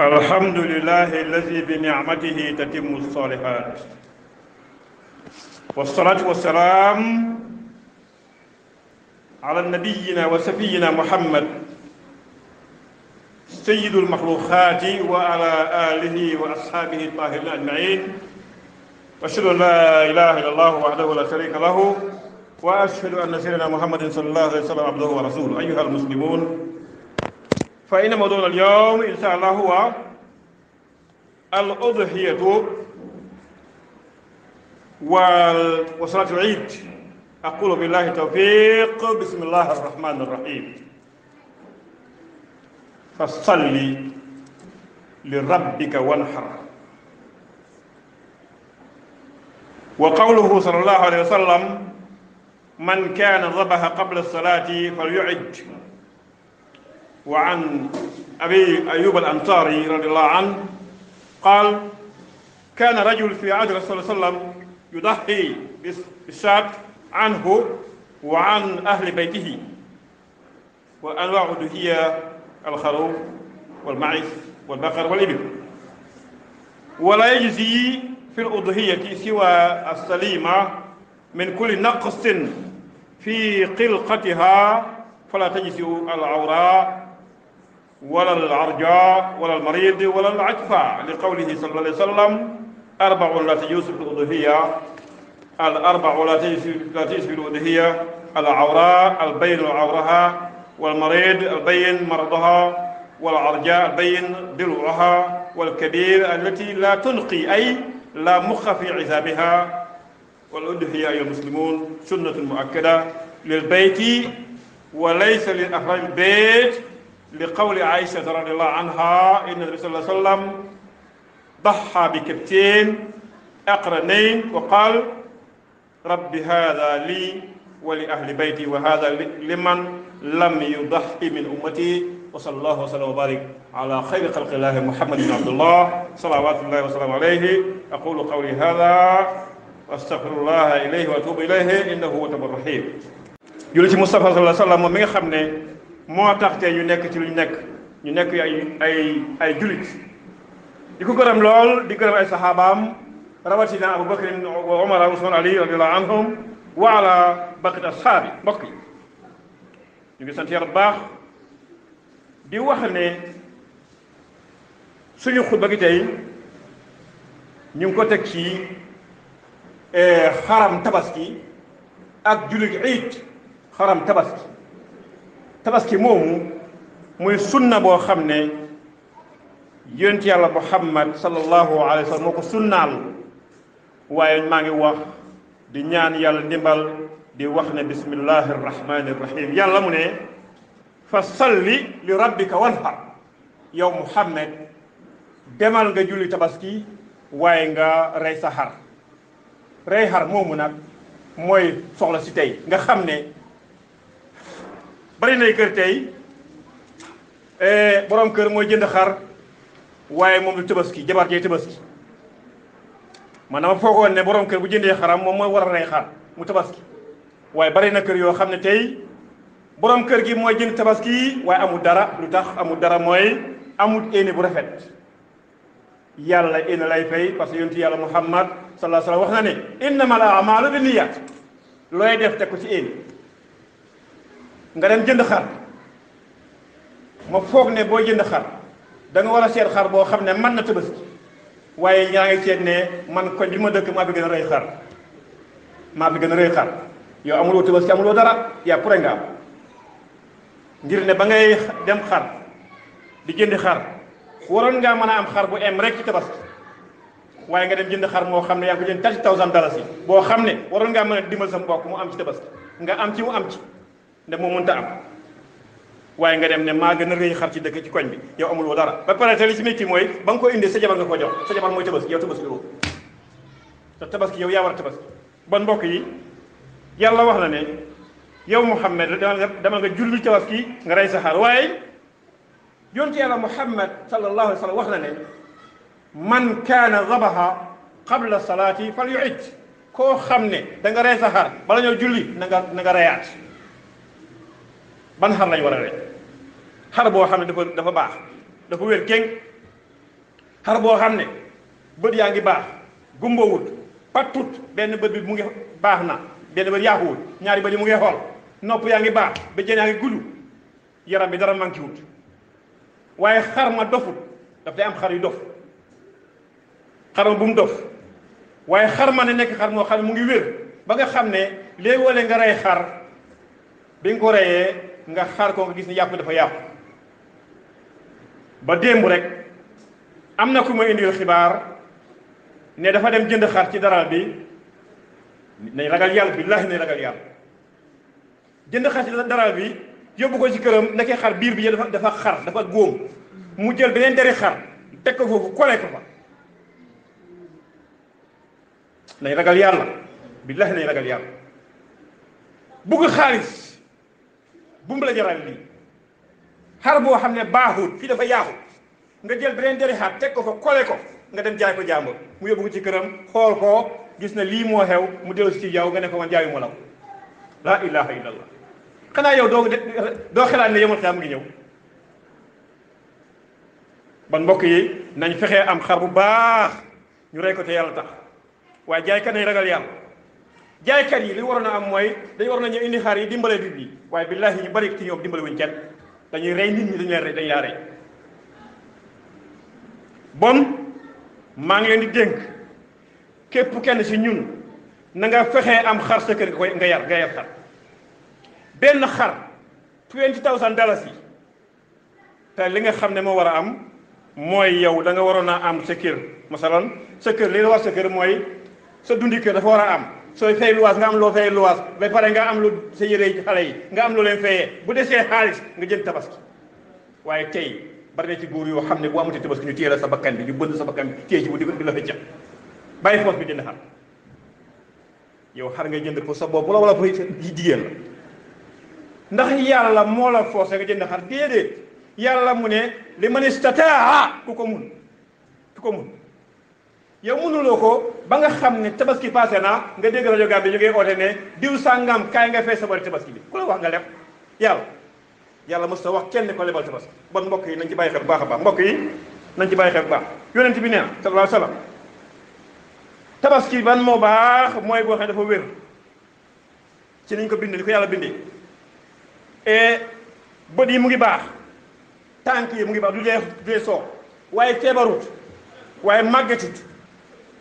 الحمد لله الذي بنعمته تتم الصالحات والصلاة والسلام على نبينا وسفينا محمد سيد المخلوقات وعلى آله وأصحابه الطاهرين أجمعين وأشهد أن لا إله إلا الله وحده لا شريك له وأشهد أن سيدنا محمد صلى الله عليه وسلم عبده ورسوله أيها المسلمون فإن موضوعنا اليوم إن شاء الله هو الأضحية وصلاة العيد أقول بالله توفيق بسم الله الرحمن الرحيم فصل لربك وانحر وقوله صلى الله عليه وسلم من كان ذبح قبل الصلاة فليعد وعن أبي أيوب الأنصاري رضي الله عنه قال كان رجل في عهد الرسول صلى الله عليه وسلم يضحي بالشاة عنه وعن أهل بيته وأنواع هي الخروف والمعز والبقر والإبل ولا يجزي في الأضحية سوى السليمة من كل نقص في قلقتها فلا تجزي العوراء ولا العرجاء ولا المريض ولا العجفاء لقوله صلى الله عليه وسلم أربع التي تجوز في الأضحية الأربع التي تجوز في الأضحية العوراء البين عورها والمريض البين مرضها والعرجاء البين ضلوعها والكبير التي لا تنقي أي لا مخ في عذابها والأضحية أيها المسلمون سنة مؤكدة للبيت وليس لأفراد البيت لقول عائشة رضي الله عنها إن النبي صلى الله عليه وسلم ضحى بكبتين أقرنين وقال رب هذا لي ولأهل بيتي وهذا لمن لم يضحي من أمتي وصلى الله وسلم وبارك على خير خلق الله محمد بن عبد الله صلوات الله وسلم عليه أقول قولي هذا واستغفر الله إليه وأتوب إليه إنه هو التواب الرحيم يقول مصطفى صلى الله عليه وسلم من خمني moo tax tey ñu nekk ci lu ñu nekk ñu nekk ay ay ay julit di ko gërëm lool di gërëm ay saxaabaam rawatina abu bakr wa omar usman ali radiallahu anhum wa ala baqit ashaabi mbokk yi ñu ngi sant yàlla bu baax di wax ne suñu xutba gi tey ñu ngi ko teg ci xaram tabaski ak julit iid xaram tabaski tabaski moomu muy sunna boo xam ne yonent yàlla muhammad sallallahu alayhi wa sallam waaye maa ngi wax di ñaan yàlla ndimbal di wax ne bismillahi rahmani yàlla mu ne fa salli li rabbika wanhar yow muhammad demal nga julli tabaski waaye nga rey sa xar rey xar moomu nag mooy soxla si tey nga xam ne bari nay kër tey borom kër mooy jënd xar waaye moom du tabaski jabar jay tabaski man dama foogoon ne borom kër bu jëndee xaram moom mooy war a xar mu tabaski waaye bari na kër yoo xam ne tey borom kër gi mooy jënd tabaski waaye amul dara lu tax dara mooy amul éene bu rafet yàlla éene lay fay parce que yàlla muhammad sallallahu alayhi wa sallam wax na ne innamal a'maalu binniyaat looy def teg ci éene nga dem jënd xar ma foog ne boo jënd xar da war a seet xar boo xam ne man na tabaski waaye ñaa ngi seet ne man koñ bi ma dëkk maa fi gën a rëy xar maa fi gën a rëy yow amuloo tabaski amuloo dara yaa pare nga am ngir ne ba ngay dem xar di jënd xar waroon ngaa mën a am xar bu em rek ci tabaski waaye nga dem jënd xar moo xam ne yaa ngi ko jënd thirty thousand dalasi boo xam ne waroon ngaa mën a dimbal sa mbokk mu am ci tabaski nga am ci mu am ci ne moo mënta am waaye nga dem ne maa gën a rëy xar ci dëkk ci koñ bi yow amuloo dara ba pare te li ci métti mooy ba nga ko indi sa jabar nga ko jox sa jabar mooy tabaski yow tabaski loo te tabaski yow yaa war a tabaski bon mbokk yi yàlla wax na ne yow Muhammad dama nga julli tabaski nga rey sa xar waaye yonte yàlla Muhammad sallallahu alayhi wa sallam wax na ne man kaana zabaha qabla salaati fal yu'id koo xam ne da nga rey sa xar bala ñoo julli na nga na nga reyaat ban xar lañ war a rey xar boo xam ne dafa dafa baax dafa wér kéng xar boo xam ne bët yaa ngi baax gumbawut pattut benn bët bi mu ngi baax na benn bët yaaxuwut ñaari bët yi mu ngi xool nopp yaa ngi baax bëjjën yaa ngi gudd yaram bi dara manqué wut waaye xar ma dofut daf day am xar yu dof xar ma bu mu dof waaye xar ma ne nekk xar moo xam ne mu ngi wér ba nga xam ne léegi wala nga rey xar bi nga ko reyee nga xaar ko nga gis ni yàpp dafa yàpp ba démb rek am na ku ma indil xibaar ne dafa dem jënd xaar ci daral bi nañ ragal yàlla billahi nañ ragal yàlla jënd xaar ci daral bi yóbbu ko ci këram nekkee xar biir bi dafa dafa xar dafa góom mu jël beneen deri xar teg ko foofu kole ko fa nañ ragal yàlla billahi nañ ragal yàlla bugg xaalis bu mu la jaral lii xar boo xam ne baaxut fii dafa yaaxut nga jël beneen deri xar teg ko ko kole ko nga dem jaay ko jàmbur mu yóbbu ko ci këram xool ko gis na lii moo xew mu dellu si yow nga ne ko man jaayu ma la ko laa ilaha illallah xanaa yow doo doo xelaat ne yemal xiyaam mu ngi ñëw ban mbokk yi nañ fexee am xar bu baax ñu rey ko te yàlla tax waaye jaay kan nañ ragal yàlla jaaykat yi li waroon a am mooy dañ waroon a ñëw indi xar yi dimbale nit ñi waaye billaahi ñu bari ci ñoom dimbale wuñ kenn dañuy rey nit ñi dañu leen rey dañu bon maa ngi leen di dénk képp kenn si ñun nanga nga am xar sa kër nga koy nga yar nga yar xar benn xar twenty thousand dollars yi te li nga xam ne moo war a am mooy yow da nga waroon a am sa kër masalan sa kër li la war sa kër mooy sa dundi kër dafa war a am sooy fay luwaas nga am loo fay luwaas ba pare nga am lu sa yére yi xale yi nga am lu leen bu desee xaalis nga jël tabaski waaye tey bari na ci góor yoo xam ne bu amati tabaski ñu téye la sa bakkan bi ñu bënd sa bakkan bi téye ci bu di di la fa jàpp bàyyi foos bi jënd xar yow xar nga jënd pour sa bopp la wala pour jigéen la ndax yàlla moo la forcé nga jënd xar déedéet yàlla mu ne li man istataa ku ko mun ku ko mun yow mënuloo ko ba nga xam ne tabaski passé na nga dégg rajo Gambie ñu ngi oote ne diw sàngam kaay nga fay sa bari tabaski bi ku la wax nga leb yàlla yàlla mos sa wax kenn ko lebal tabaski bon mbokk yi nañ ci bàyyi a baax mbokk yi nañ ci bàyyi xel bu baax yonent bi nee na sallallahu alayhi wa sallam tabaski ban moo baax mooy boo xam ne dafa wér ci niñ ko bindee ni ko yàlla bindee e, bët yi mu ngi baax tànk yi mu ngi baax du dee soo waaye feebarut waaye màggetut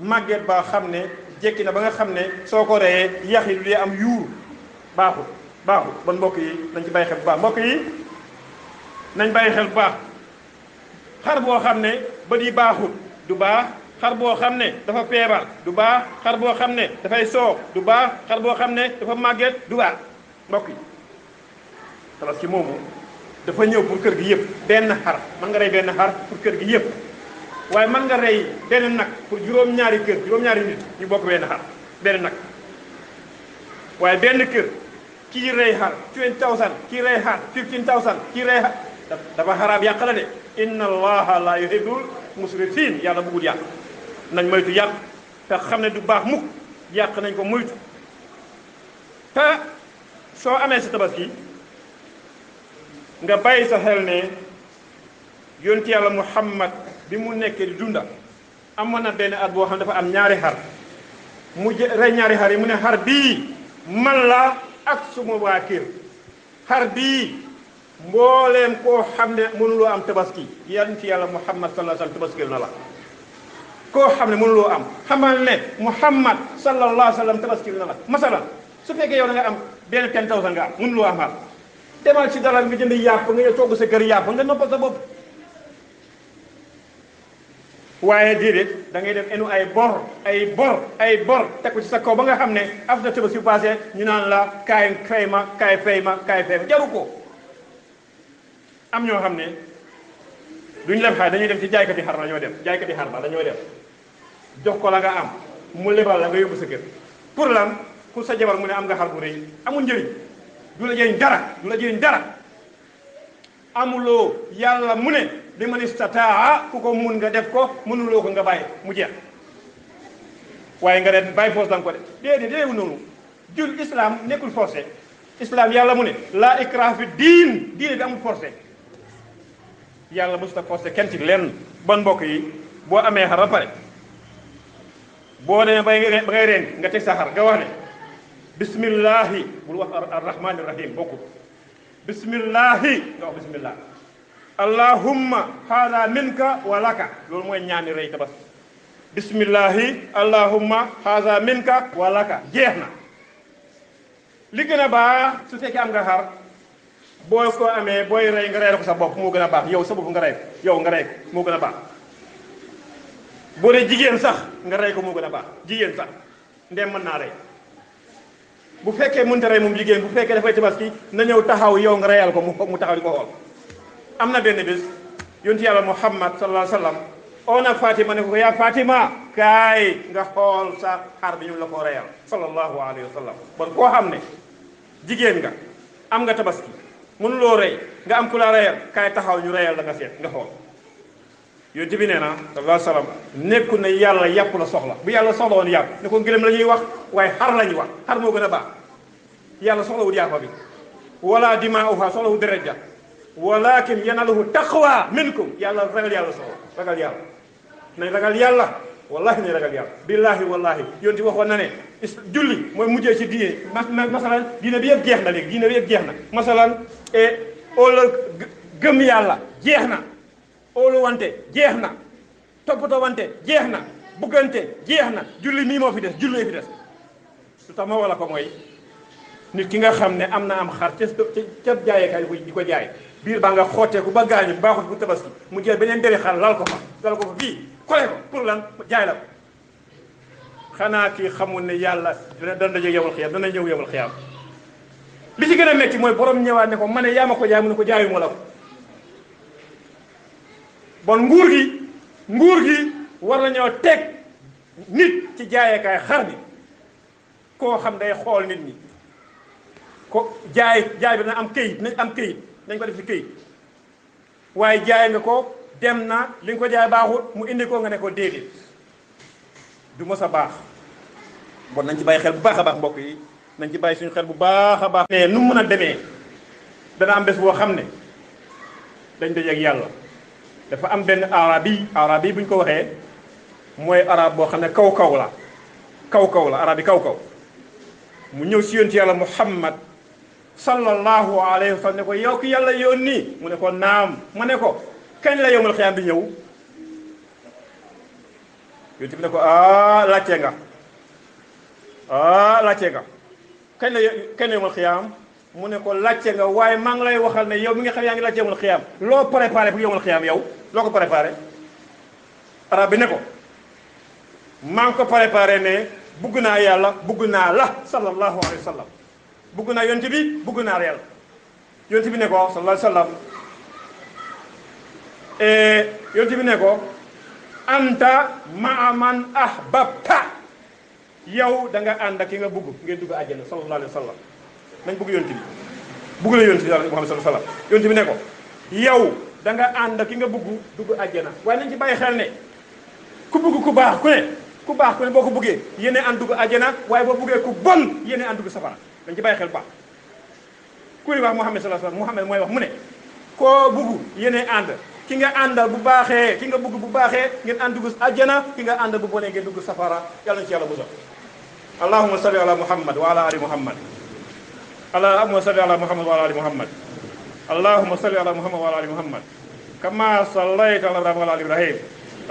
màgget baa xam ne jekki na ba nga xam ne soo ko reyee yax yi du am yuur baaxul baaxul bon mbokk yi nañ ci bàyyi xel bu baax yi nañ bàyyi xel baax xar boo xam ne bët yi baaxul du baax xar boo xam ne dafa feebar du baax xar boo xam ne dafay soox du baax xar boo xam ne dafa màgget du baax mbokk yi tabaski moomu dafa ñëw pour kër gi yëpp benn xar mën nga rey benn xar pour kër gi yépp waaye man nga rey benn nag pour juróom-ñaari kër juróom-ñaari nit ñu bokk benn xar benn nag waaye benn kër kii rey xar twenty thousand kii rey xar fifteen thousand kii rey xar dafa xaraam yàq la de inna allaha la yuhibbul musrifin yàlla bëggul yàq nañ moytu yàq te xam ne du baax mukk yàq nañ ko moytu te soo amee sa tabaski nga bàyyi sa xel ne yonti yàlla muhammad bi mu nekkee di dunda amoon na benn at boo xam ne dafa am ñaari xar mu rey ñaari xar yi mu ne xar bii man la ak suma waa kër xar bii mbooleem koo xam ne mënuloo am tabaski yan ci yàlla muhammad sallallahu alayhi wa sallam tabaskil na la koo xam ne mënuloo am xamal ne muhammad sallallahu alayhi wa sallam tabaskil na la masalan su fekkee yow da nga am benn ten thousand nga am mënuloo am xar demal ci dara bi jënd yàpp nga ñëw togg sa kër yàpp nga noppal sa bopp waaye déedéet da ngay dem enu ay bor ay bor ay bor teg ko ci sa kaw ba nga xam ne after tabaski passé ñu naan la kaay fay ma kaay fay ma kaay fay ma jaru ko am ñoo xam ne duñ lem xaay dañuy dem ci jaaykati xar la ñoo dem jaaykati xar ba dañoo dem jox ko la nga am mu lebal la nga yóbbu sa kër pour lan ku sa jabar mu ne am nga xar bu rëy amul njëriñ du la jëriñ dara du la jëriñ dara amuloo yàlla mu ne li man istataa ku ko mun nga def ko mënuloo ko nga bàyyi mu jeex waaye nga ren bàyyi force danga ko de déedéet déewu noonu jul islam nekkul forcé islam yàlla mu ne laa ikraha fi diin diine bi amul forcé yàlla mosut forcé kenn ci lenn ban mbokk yi boo amee xar ba pare boo demee bay ba ngay reen nga teg sa xar wax ne bismillahi bul wax ar rahmaani rahim bokkul bismillahi nga wax bismillah allahumma hada minka wa laka nyanyi rey ñaani reey tabas bismillahi allahumma hada minka wa laka jeex li gëna ba su fekkee am nga xar boy ko amé boy rey nga reey ko sa bop mo gëna baax yow sa bop nga rey yow nga rey mo gëna baax bo re jigen sax nga reey ko mo gëna baax jigen sax ndem man na rey bu fekkee mënta reey mum jigen bu fekkee dafay tabaski na ñew taxaw yow nga reeyal ko mu taxaw ko am na benn bés yonti yàlla muhammad sallallahu alayhi wa sallam oo na fatima ne ko yaa fatima kaay nga xool sa xar bi ñu la ko reyal sallallahu alayhi wa sallam jigéen nga am nga tabaski mënuloo rey nga am ku la taxaw ñu reyal la nga seet nga xool yonti bi na sallallahu alayhi wa sallam ne yàlla yàpp la soxla bu yàlla soxla woon yàpp ne ko gëlëm la ñuy wax waaye xar la ñuy wax xar moo gën a baax yàlla soxlawul yàppa bi wala dimaa'uha soxlawul deret ja walakin yanaluhu taqwa minkum yàlla ragal yàlla soxla ragal yàlla nañ ragal yàlla wallahi nañ ragal yàlla billahi wallahi yonti waxoon na ne julli mooy mujjee ci diine masalan diine bi yëpp jeex na léegi diine bi yëpp jeex na masalan e óola gëm yàlla jeex na óolu jeex na toppatoo wante jeex na buggante jeex na julli mii moo fi des julli fi des su tax ma wala ko mooy nit ki nga xam ne am na am xar ca ca jaayekaay di ko jaay biir baa nga xooteeku ba gaañu baaxut bu tabaski mu jël benen dere xal lal ko fa lal ko fa ko kole ko pour lan jaay la xana ki xamul ne yàlla dana dana daje yowul xiyaam dana ñëw yowul xiyaam li ci gëna métti moy borom ñëwaat ne ko mané ne yaa ko jaay mu ne ko jaayu ma la ko bon nguur gi nguur gi war ñoo tek nit ci jaaye kay xar bi ko xam day xol nit ñi ko jaay jaay bi na am keuy nañ am keuy dañ ko def ci këyit waaye jaay nga ko dem na li nga ko jaay baaxut mu indi ko nga ne ko déedéet du ma a baax bon nañ ci bàyyi xel bu baax a baax mbokk yi nañ ci bàyyi suñu xel bu baax a baax. mais nu mu mën a demee dana am bés boo xam ne dañ daje ak yàlla dafa am benn arab yi arab yi bu ñu ko waxee mooy arab boo xam ne kaw kaw la kaw kaw la arab yi kaw kaw mu ñëw si yonent yàlla Muhammad صلى الله عليه وسلم نكو يوك يلا يوني مو نكو نام مو نكو كان لا يوم القيامه بنيو يوتيب نكو اه لا تيغا اه لا تيغا كان لا كان يوم القيامه مو نكو لا تيغا واي ما نغلاي وخال ني يوم ميغي خا ياغي لا تيغا يوم القيامه لو بريباري بو يوم القيامه ياو لوكو بريباري ربي نكو مانكو بريباري ني بوغنا يالا بوغنا لا صلى الله عليه وسلم buguna naa yonte bi buku naa reel yonte bi ne ko sallallahu Alaihi wasallam e, yonte bi ne ko anta maaman ahbabta yow da nga and ak nga bugu ngeen dugg aljana sallallahu Alaihi wasallam nañ buku yonte bi buku la yonte Muhammad sallallahu Alaihi wasallam yonte bi ne ko yow da nga and ak nga bugu dugg aljana way nañ ci baye xel ne ku bugu ku baax ku ne ku baax ku ne boko bugge yene and ànd aljana way bo bugge ku bon yene and dugg safara dañ ci bàyyi xel baax kuy wax Muhammad sallallahu alayhi wasallam Muhammad mooy wax mu ne koo bugg yéene ànd ki nga àndal bu baaxee ki nga bugg bu baaxee ngeen ànd dugg àjjana ki nga àndal bu bonee ngeen dugg safara yàlla na ci yàlla bu sax allahumma salli ala muhammad wa ala ali muhammad allahumma salli ala muhammad wa ala ali muhammad اللهم صل على محمد وعلى ال محمد كما صليت على ابراهيم وعلى ال ابراهيم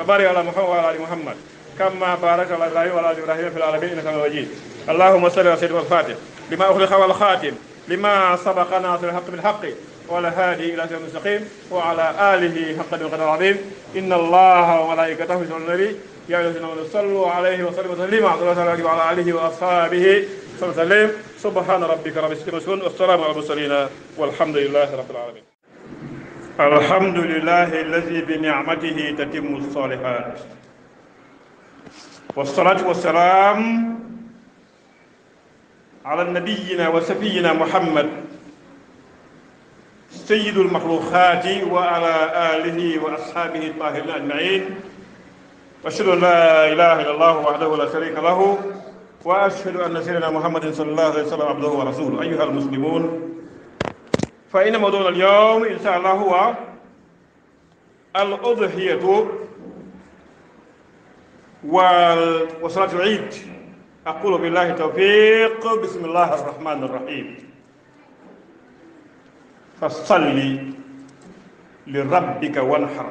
وبارك على محمد وعلى ال محمد كما باركت على ابراهيم وعلى ال ابراهيم في العالمين انك حميد مجيد اللهم صل على سيدنا الفاتح لما أخلق والخاتم لما سبق ناصر الحق بالحق والهادي إلى سبيل المستقيم وعلى آله حق القدر العظيم إن الله وملائكته يصلون على النبي يا أيها الذين آمنوا صلوا عليه وسلموا تسليما عبد الله وعلى آله وأصحابه صلى الله عليه وسلم سبحان ربك رب العزة عما والسلام على المرسلين والحمد لله رب العالمين الحمد لله الذي بنعمته تتم الصالحات والصلاة والسلام على نبينا وسفينا محمد سيد المخلوقات وعلى آله وأصحابه الطاهرين أجمعين وأشهد أن لا إله إلا الله وحده لا شريك له وأشهد أن سيدنا محمد صلى الله عليه وسلم عبده ورسوله أيها المسلمون فإن موضوعنا اليوم إن شاء الله هو الأضحية وصلاة العيد أقول بالله توفيق بسم الله الرحمن الرحيم فصل لربك وانحر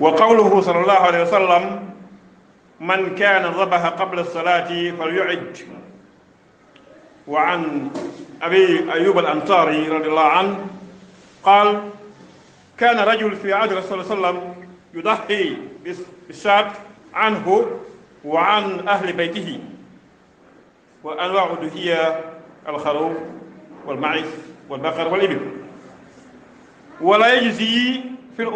وقوله صلى الله عليه وسلم من كان ذبح قبل الصلاة فليعد وعن أبي أيوب الأنصاري رضي الله عنه قال كان رجل في عهد الرسول صلى الله عليه وسلم يضحي بالشاب عنه وعن أهل بيته وأنواع هي الخروف والمعز والبقر والإبل ولا يجزي في